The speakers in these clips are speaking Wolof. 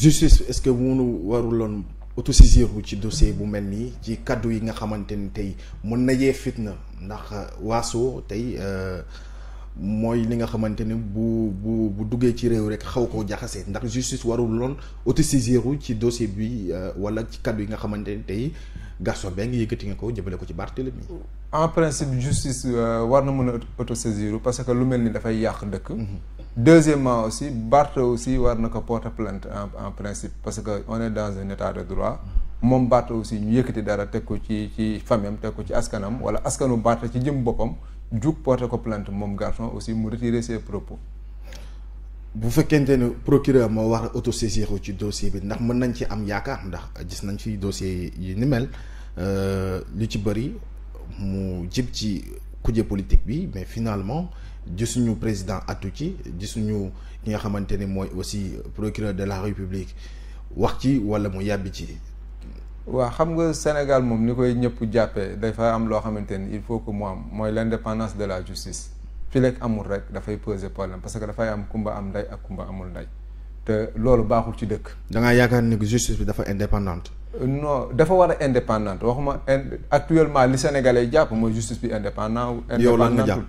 justice est-ce que munu waruloon autosaisir wu ci dossier bu mel nii ci kaddu yi nga xamante ni tey mën na yee fitna ndax euh, waaso tey euh, mooy li nga xamante ni bu bu bu duggee ci réew rek xaw koo jaxasee ndax justice waruloon autosaisir wu ci dossier bi euh, wala ci kaddu yi nga xamante ni tey Gaston Mbengue yëkkati nga ko jëmale ko ci Barthélemy en principe justice war na mën a autosaisir parce que lu mel ni dafay yàq dëkk. Mhm. deuxièmement aussi battre aussi war na porter plainte en principe parce qu'on est dans un état de droit moom battre aussi ñu que dara te ko ci askanam wala askanu ci jëm ju porter plainte Mon garçon aussi mu retirer ses propos. vous fekkente ne procureur a dossier bi ndax nañ ci am ndax gis dossier euh, de politique mais finalement nous président le président nous aussi procureur de la république le ci mu yabi ci. wa xam nga Sénégal mom ni koy ñëpp am il faut que moi, l'indépendance de la justice fi amul rek fay poser problème parce que fay am kumba am te loolu baaxul ci dëkk. da ngaa yaakaar ni justice bi dafa indépendante. Euh, non dafa war a indépendante waxuma actuellement li sénégalais jàpp mooy justice yow lan nga jàpp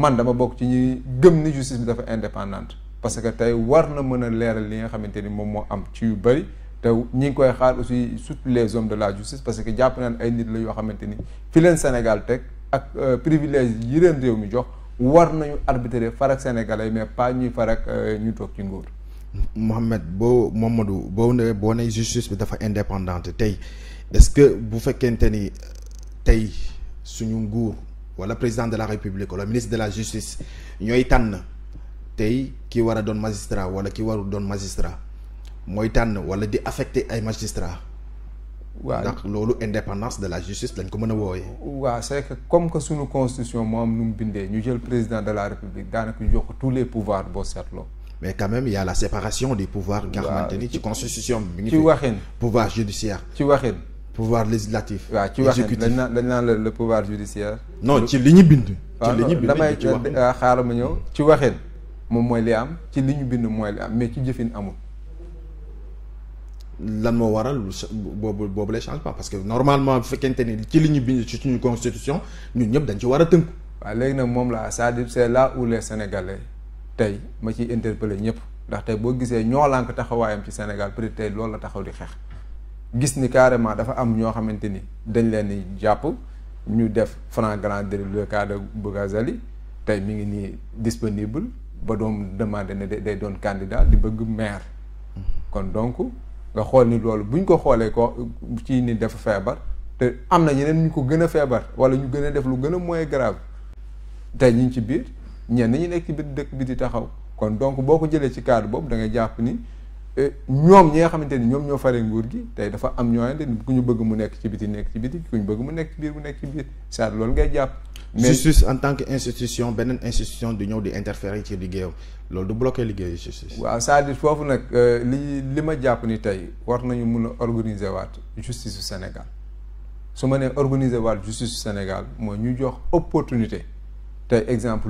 man dama bokk ci ñi gëm ni justice dafa indépendante. parce que tey war na mën a leeral li nga xamante ni moom moo am ci yu bëri te ñi ngi koy xaar aussi surtout les hommes de la justice parce que jàpp naan ay nit la yoo xamante ni fi leen Sénégal teg ak euh, privilège yi leen réew mi jox war nañu far ak sénégalais mais pas ñuy farak euh, ñu toog ci nguur. Mohamed boo Mamadou boo ne justice bi dafa indépendante Tay, est-ce que bu fekkente ni Tay, suñu ou walla président de la république walla ministre de la justice ñooy tànn tey ki war a doon magistrat qui ki warul doon magistrat mooy ou walla di affecté ay magistrat Donc ndax indépendance de la justice lañ ko mën a c'est que comme que suñu constitution moo am nu nous bindee ñu jël président de la république daanaka ñu jox ko tous les pouvoirs boo seetloo mais quand même il y a la séparation des pouvoirs car bah, maintenant, tu constitution pouvoir judiciaire pouvoir législatif bah, le pouvoir judiciaire non ci li bind ci C'est ce bind damay important. Euh, ma ci waxin moom li am ci bind parce que normalement bu ni ci constitution ñun ne dañ c'est là où les Sénégalais tey ma ci interpeller ñëpp ndax tey boo gisee ñoo lànk taxawaayam ci Sénégal peut-être tey loolu la taxaw di xeex gis ni carrément dafa am ñoo xamante ni dañ leen di jàpp ñu def franc grand de le cas de Bougazelli tey mu ngi nii disponible ba doom demandé ne day doon candidat di bëgg maire kon donc nga xool ni loolu buñ ko xoolee ko ci ni def feebar te am na ñeneen ñu ko gën a feebar wala ñu gën a def lu gën a moins grave tey ñu ngi ci biir ñenn ñi nekk ci biir dëkk bi di taxaw kon donc boko ko ci cadre boobu da ngay japp ni e, ñom ñi nga xamanteni ñom ñoom ñoo faree nguur gi tay dafa am ñoo xamante ni ku ñu bëgg mu nekk ci biti nekk ci biti ku ñu bëgg mu nekk ci biir mu nekk ci biir ça loolu ngay japp mais justice en tant que institution benen institution du ñëw di interférer ci liggéeyam lool du bloquer liggéeyu justice. wa c'est-à-dire foofu nag euh, li li ma ni tay war nañu mëna organiser waat justice su Sénégal su ma nee organiser waat justice su Sénégal mooy ñu jox opportunité tey exemple.